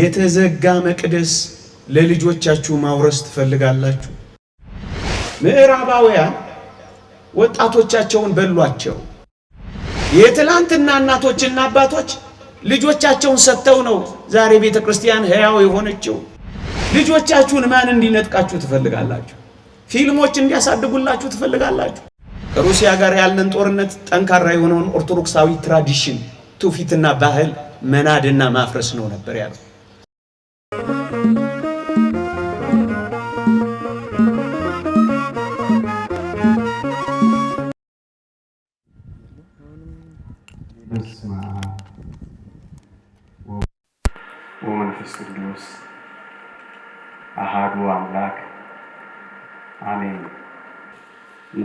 የተዘጋ መቅደስ ለልጆቻችሁ ማውረስ ትፈልጋላችሁ? ምዕራባውያን ወጣቶቻቸውን በሏቸው። የትላንትና እናቶችና አባቶች ልጆቻቸውን ሰጥተው ነው ዛሬ ቤተ ክርስቲያን ሕያው የሆነችው። ልጆቻችሁን ማን እንዲነጥቃችሁ ትፈልጋላችሁ? ፊልሞች እንዲያሳድጉላችሁ ትፈልጋላችሁ? ከሩሲያ ጋር ያለን ጦርነት ጠንካራ የሆነውን ኦርቶዶክሳዊ ትራዲሽን ትውፊትና ባህል መናድና ማፍረስ ነው ነበር ያለው።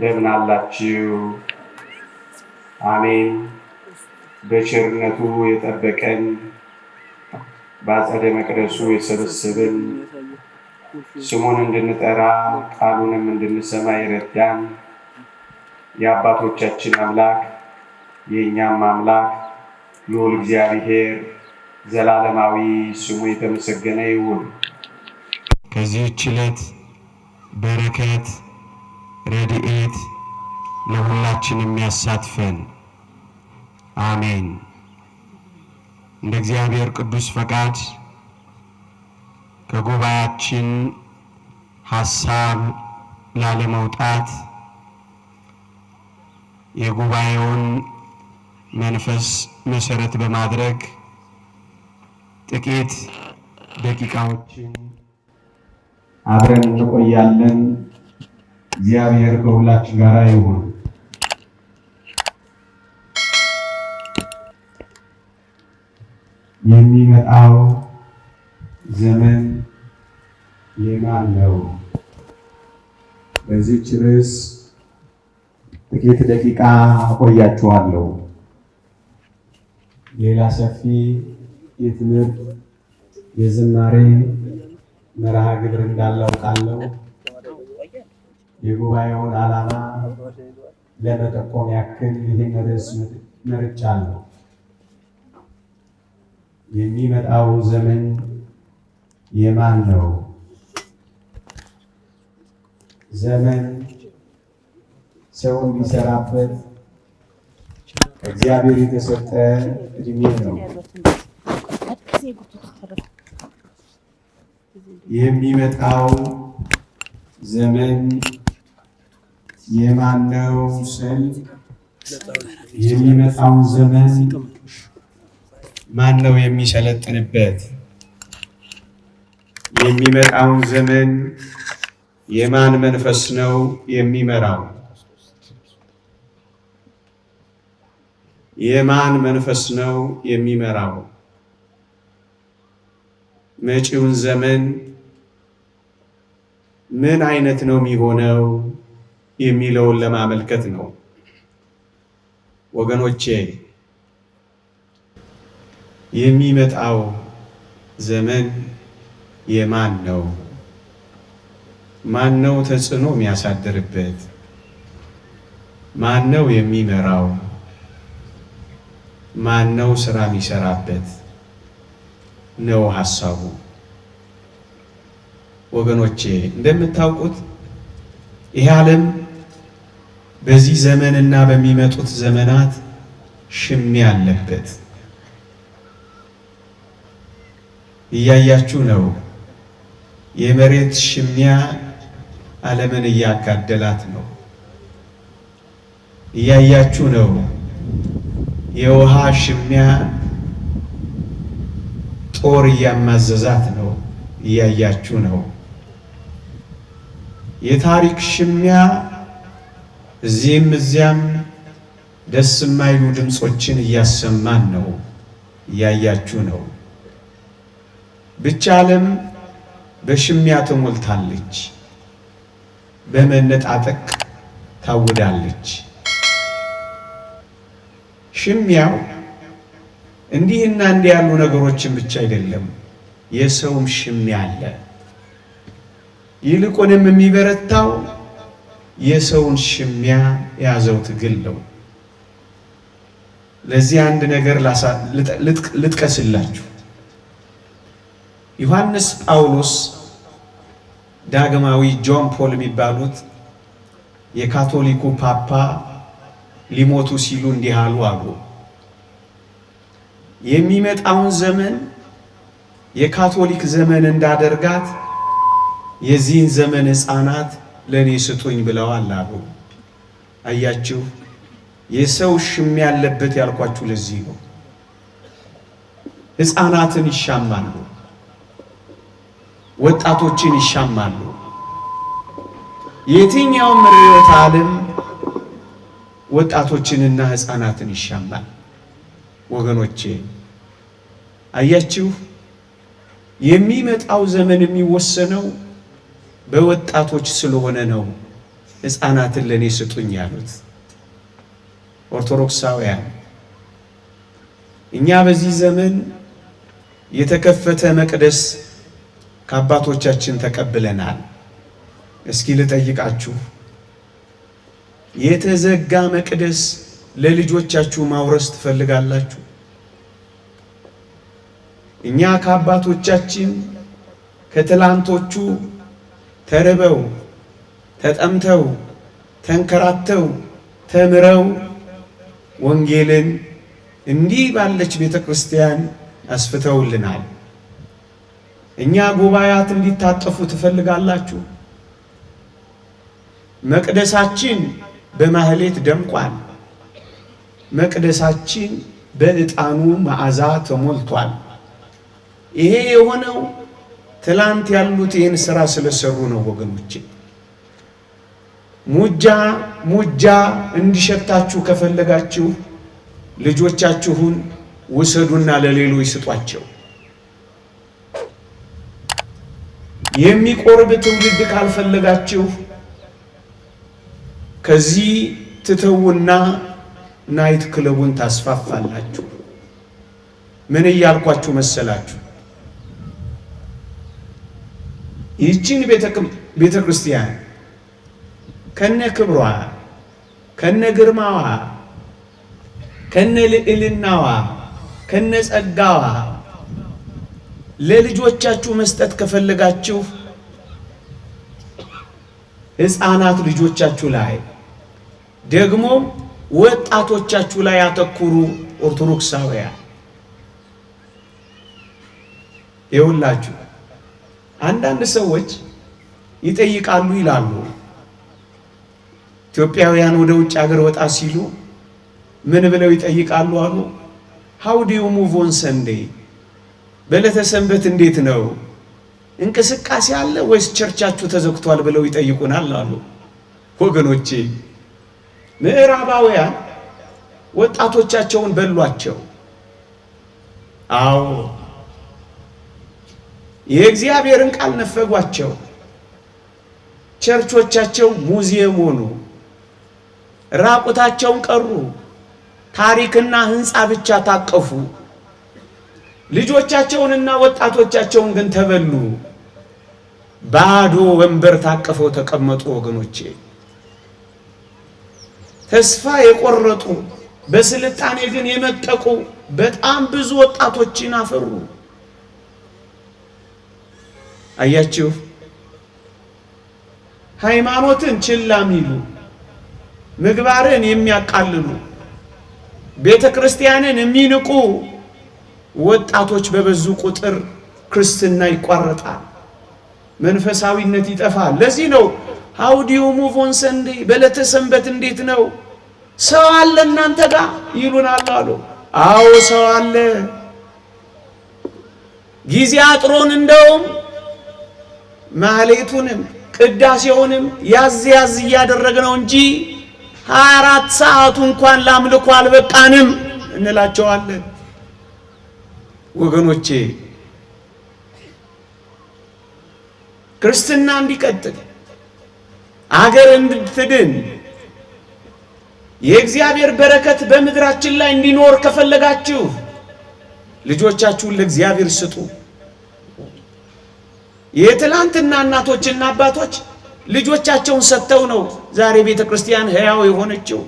እንደምን አላችሁ? አሜን። በቸርነቱ የጠበቀን በአጸደ መቅደሱ የሰበሰብን ስሙን እንድንጠራ ቃሉንም እንድንሰማ ይረዳን የአባቶቻችን አምላክ የእኛም አምላክ ልዑል እግዚአብሔር ዘላለማዊ ስሙ የተመሰገነ ይሁን። ከዚህች ዕለት በረከት ረድኤት ለሁላችን የሚያሳትፈን አሜን። እንደ እግዚአብሔር ቅዱስ ፈቃድ ከጉባኤያችን ሀሳብ ላለመውጣት የጉባኤውን መንፈስ መሰረት በማድረግ ጥቂት ደቂቃዎችን አብረን እንቆያለን። እግዚአብሔር ከሁላችን ጋር ይሁን። የሚመጣው ዘመን የማን ነው? በዚህች ርዕስ ጥቂት ደቂቃ አቆያችኋለሁ። ሌላ ሰፊ የትምህርት የዝማሬ መርሃ ግብር እንዳለ አውቃለሁ። የጉባኤውን ዓላማ ለመጠቆም ያክል ይህን ርዕስ መርጫለሁ። የሚመጣው ዘመን የማን ነው? ዘመን ሰው የሚሰራበት እግዚአብሔር የተሰጠ እድሜ ነው። የሚመጣው ዘመን የማነው ስል የሚመጣውን ዘመን ማነው የሚሰለጥንበት? የሚመጣውን ዘመን የማን መንፈስ ነው የሚመራው? የማን መንፈስ ነው የሚመራው? መጪውን ዘመን ምን አይነት ነው የሚሆነው የሚለውን ለማመልከት ነው። ወገኖቼ የሚመጣው ዘመን የማን ነው? ማን ነው ተጽዕኖ የሚያሳድርበት? ማን ነው የሚመራው? ማን ነው ስራ የሚሰራበት ነው ሀሳቡ። ወገኖቼ እንደምታውቁት ይህ ዓለም በዚህ ዘመንና በሚመጡት ዘመናት ሽሚያ አለበት። እያያችሁ ነው። የመሬት ሽሚያ ዓለምን እያጋደላት ነው። እያያችሁ ነው። የውሃ ሽሚያ ጦር እያማዘዛት ነው። እያያችሁ ነው። የታሪክ ሽሚያ እዚህም እዚያም ደስ የማይሉ ድምፆችን እያሰማን ነው፣ እያያችሁ ነው። ብቻ ዓለም በሽሚያ ተሞልታለች፣ በመነጣጠቅ ታውዳለች። ሽሚያው እንዲህና እንዲህ ያሉ ነገሮችን ብቻ አይደለም፣ የሰውም ሽሚያ አለ። ይልቁንም የሚበረታው የሰውን ሽሚያ የያዘው ትግል ነው። ለዚህ አንድ ነገር ልጥቀስላችሁ። ዮሐንስ ጳውሎስ ዳግማዊ ጆን ፖል የሚባሉት የካቶሊኩ ፓፓ ሊሞቱ ሲሉ እንዲህ አሉ አሉ የሚመጣውን ዘመን የካቶሊክ ዘመን እንዳደርጋት የዚህን ዘመን ሕፃናት ለእኔ ስጡኝ ብለዋል አሉ። አያችሁ፣ የሰው ሽም ያለበት ያልኳችሁ ለዚህ ነው። ሕፃናትን ይሻማሉ፣ ወጣቶችን ይሻማሉ። የትኛውም ርዕዮተ ዓለም ወጣቶችንና ሕፃናትን ይሻማል። ወገኖቼ አያችሁ፣ የሚመጣው ዘመን የሚወሰነው በወጣቶች ስለሆነ ነው ሕፃናትን ለእኔ ስጡኝ ያሉት ኦርቶዶክሳውያን። እኛ በዚህ ዘመን የተከፈተ መቅደስ ከአባቶቻችን ተቀብለናል። እስኪ ልጠይቃችሁ፣ የተዘጋ መቅደስ ለልጆቻችሁ ማውረስ ትፈልጋላችሁ? እኛ ከአባቶቻችን ከትላንቶቹ ተርበው ተጠምተው ተንከራተው ተምረው ወንጌልን እንዲህ ባለች ቤተ ክርስቲያን አስፍተውልናል። እኛ ጉባኤያት እንዲታጠፉ ትፈልጋላችሁ? መቅደሳችን በማህሌት ደምቋል። መቅደሳችን በዕጣኑ መዓዛ ተሞልቷል። ይሄ የሆነው ትላንት ያሉት ይህን ስራ ስለሰሩ ነው ወገኖቼ። ሙጃ ሙጃ እንዲሸታችሁ ከፈለጋችሁ ልጆቻችሁን ውሰዱና ለሌሎች ስጧቸው። የሚቆርብ ትውልድ ካልፈለጋችሁ ከዚህ ትተውና ናይት ክለቡን ታስፋፋላችሁ። ምን እያልኳችሁ መሰላችሁ? ይህችን ቤተ ክርስቲያን ከነ ክብሯ ከነ ግርማዋ ከነ ልዕልናዋ ከነ ጸጋዋ ለልጆቻችሁ መስጠት ከፈለጋችሁ ሕፃናት ልጆቻችሁ ላይ ደግሞ ወጣቶቻችሁ ላይ ያተኩሩ። ኦርቶዶክሳውያን ይሁላችሁ። አንዳንድ ሰዎች ይጠይቃሉ ይላሉ ኢትዮጵያውያን ወደ ውጭ ሀገር ወጣ ሲሉ ምን ብለው ይጠይቃሉ አሉ ሃው ዲዩ ሙቭ ኦን ሰንዴ በዕለተ ሰንበት እንዴት ነው እንቅስቃሴ አለ ወይስ ቸርቻችሁ ተዘግቷል ብለው ይጠይቁናል አሉ ወገኖቼ ምዕራባውያን ወጣቶቻቸውን በሏቸው አዎ የእግዚአብሔርን ቃል ነፈጓቸው። ቸርቾቻቸው ሙዚየም ሆኑ። ራቁታቸውን ቀሩ። ታሪክና ሕንፃ ብቻ ታቀፉ። ልጆቻቸውንና ወጣቶቻቸውን ግን ተበሉ። ባዶ ወንበር ታቅፈው ተቀመጡ። ወገኖቼ ተስፋ የቆረጡ በስልጣኔ ግን የመጠቁ በጣም ብዙ ወጣቶችን አፈሩ። አያችሁ፣ ሃይማኖትን ችላ ሚሉ ምግባርን የሚያቃልሉ ቤተ ክርስቲያንን የሚንቁ ወጣቶች በበዙ ቁጥር ክርስትና ይቋረጣል፣ መንፈሳዊነት ይጠፋል። ለዚህ ነው ሀውዲዮ ሙቮን ሰንዴ በዕለተ ሰንበት እንዴት ነው ሰው አለ እናንተ ጋር ይሉናል አሉ። አዎ ሰው አለ ጊዜ አጥሮን እንደውም ማህሌቱንም ቅዳሴውንም ያዝ ያዝ ነው እንጂ ሀያ አራት ሰዓቱ እንኳን ላምልኮ አልበቃንም እንላቸዋለን። ወገኖቼ ክርስትና እንዲቀጥል አገር እንድትድን የእግዚአብሔር በረከት በምድራችን ላይ እንዲኖር ከፈለጋችሁ ልጆቻችሁን ለእግዚአብሔር ስጡ። የትላንትና እናቶችና አባቶች ልጆቻቸውን ሰጥተው ነው ዛሬ ቤተ ክርስቲያን ሕያው የሆነችው።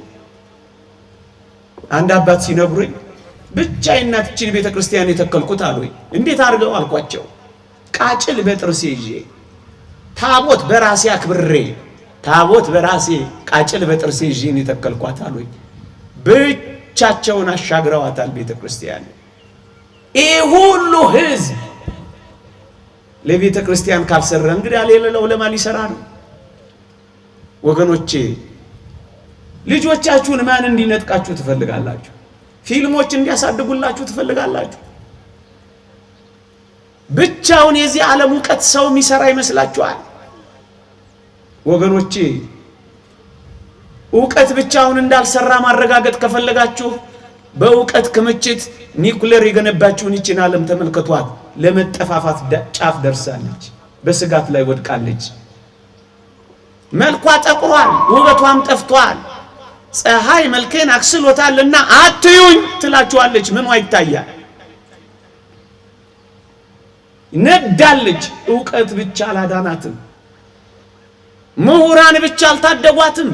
አንድ አባት ሲነግሩኝ ብቻ የእናትችን ቤተ ክርስቲያን የተከልኩት አሉኝ። እንዴት አድርገው አልኳቸው። ቃጭል በጥርሴ ይዤ ታቦት በራሴ አክብሬ ታቦት በራሴ ቃጭል በጥርሴ ይዤን የተከልኳት አሉኝ። ብቻቸውን አሻግረዋታል ቤተ ክርስቲያን ይህ ሁሉ ህዝብ! ለቤተ ክርስቲያን ካልሰራ እንግዲህ ሌላው ለማን ይሰራ ነው? ወገኖቼ ልጆቻችሁን ማን እንዲነጥቃችሁ ትፈልጋላችሁ? ፊልሞች እንዲያሳድጉላችሁ ትፈልጋላችሁ? ብቻውን የዚህ ዓለም እውቀት ሰው የሚሰራ ይመስላችኋል? ወገኖቼ እውቀት ብቻውን እንዳልሰራ ማረጋገጥ ከፈለጋችሁ በእውቀት ክምችት ኒኩሌር የገነባችሁን ይችን ዓለም ተመልክቷል? ለመጠፋፋት ጫፍ ደርሳለች። በስጋት ላይ ወድቃለች። መልኳ ጠቁሯል፣ ውበቷም ጠፍቷል። ፀሐይ መልኬን አክስሎታልና አትዩኝ ትላችኋለች። ምኗ ይታያል? ነዳለች። እውቀት ብቻ አላዳናትም። ምሁራን ብቻ አልታደጓትም።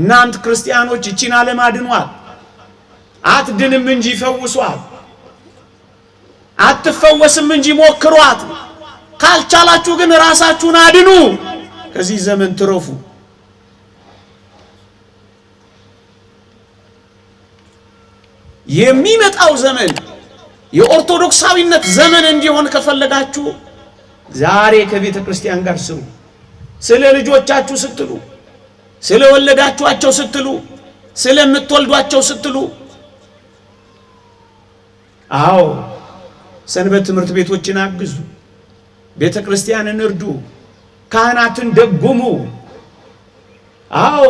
እናንት ክርስቲያኖች እቺን ዓለም አድኗል። አትድንም እንጂ ይፈውሷል። አትፈወስም እንጂ ሞክሯት። ካልቻላችሁ ግን ራሳችሁን አድኑ፣ ከዚህ ዘመን ትረፉ። የሚመጣው ዘመን የኦርቶዶክሳዊነት ዘመን እንዲሆን ከፈለጋችሁ ዛሬ ከቤተ ክርስቲያን ጋር ስሩ። ስለ ልጆቻችሁ ስትሉ፣ ስለ ወለዳችኋቸው ስትሉ፣ ስለምትወልዷቸው ስትሉ አዎ ሰንበት ትምህርት ቤቶችን አግዙ፣ ቤተ ክርስቲያንን እርዱ፣ ካህናትን ደጉሙ። አዎ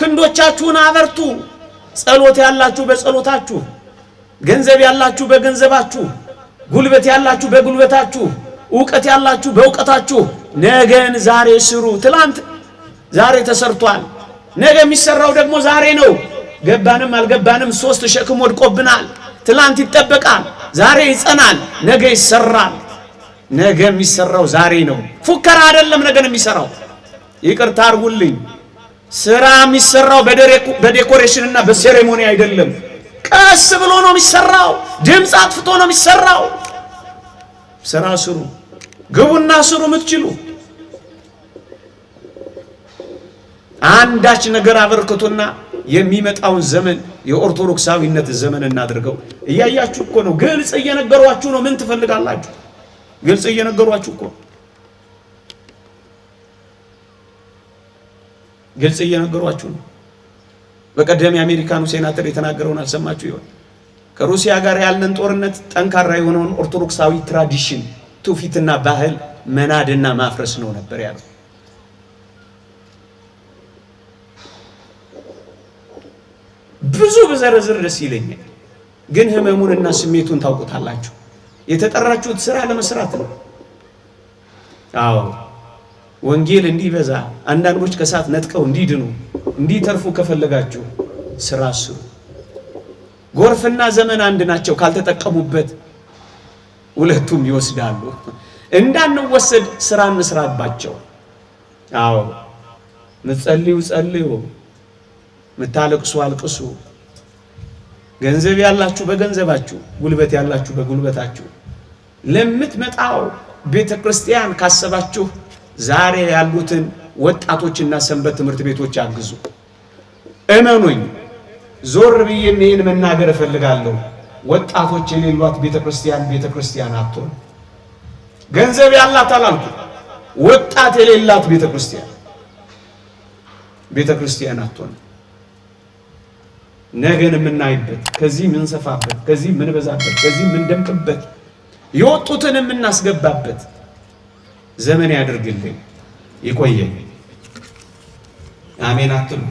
ክንዶቻችሁን አበርቱ። ጸሎት ያላችሁ በጸሎታችሁ፣ ገንዘብ ያላችሁ በገንዘባችሁ፣ ጉልበት ያላችሁ በጉልበታችሁ፣ እውቀት ያላችሁ በእውቀታችሁ፣ ነገን ዛሬ ስሩ። ትላንት ዛሬ ተሰርቷል። ነገ የሚሰራው ደግሞ ዛሬ ነው። ገባንም አልገባንም ሶስት ሸክም ወድቆብናል። ትላንት ይጠበቃል። ዛሬ ይጸናል፣ ነገ ይሰራል። ነገ የሚሰራው ዛሬ ነው። ፉከራ አይደለም። ነገ ነው የሚሰራው። ይቅርታ አርጉልኝ ስራ የሚሰራው በዴኮሬሽን እና በሴሬሞኒ አይደለም። ቀስ ብሎ ነው የሚሰራው። ድምፅ አጥፍቶ ነው የሚሰራው። ስራ ስሩ፣ ግቡና ስሩ የምትችሉ አንዳች ነገር አበርክቱና የሚመጣውን ዘመን የኦርቶዶክሳዊነት ዘመን እናድርገው። እያያችሁ እኮ ነው፣ ግልጽ እየነገሯችሁ ነው። ምን ትፈልጋላችሁ? ግልጽ እየነገሯችሁ እኮ ግልጽ እየነገሯችሁ ነው። በቀደም የአሜሪካኑ ሴናተር የተናገረውን አልሰማችሁ ይሆን? ከሩሲያ ጋር ያለን ጦርነት ጠንካራ የሆነውን ኦርቶዶክሳዊ ትራዲሽን ትውፊትና ባህል መናድና ማፍረስ ነው ነበር ያለው። ብዙ ብዘረዝር ደስ ይለኛል። ግን ህመሙንና ስሜቱን ታውቁታላችሁ። የተጠራችሁት ስራ ለመስራት ነው። አዎ ወንጌል እንዲበዛ አንዳንዶች ከሳት ነጥቀው እንዲድኑ እንዲተርፉ ከፈለጋችሁ ስራ ስሩ። ጎርፍና ዘመን አንድ ናቸው። ካልተጠቀሙበት ሁለቱም ይወስዳሉ። እንዳንወሰድ ስራ እንስራባቸው። አዎ ምጸልዩ ጸልዩ ምታለቅሱ አልቅሱ። ገንዘብ ያላችሁ በገንዘባችሁ፣ ጉልበት ያላችሁ በጉልበታችሁ ለምትመጣው ቤተ ክርስቲያን ካሰባችሁ ዛሬ ያሉትን ወጣቶችና ሰንበት ትምህርት ቤቶች አግዙ። እመኑኝ፣ ዞር ብዬ ይህን መናገር እፈልጋለሁ። ወጣቶች የሌሏት ቤተ ክርስቲያን ቤተ ክርስቲያን አትሆን። ገንዘብ ያላት አላልኩ፣ ወጣት የሌላት ቤተ ክርስቲያን ቤተ ክርስቲያን አትሆን። ነገን የምናይበት ከዚህ የምንሰፋበት ከዚህ የምንበዛበት ከዚህ የምንደምቅበት የወጡትን የምናስገባበት ዘመን ያድርግልኝ። ይቆየኝ። አሜን አትሉ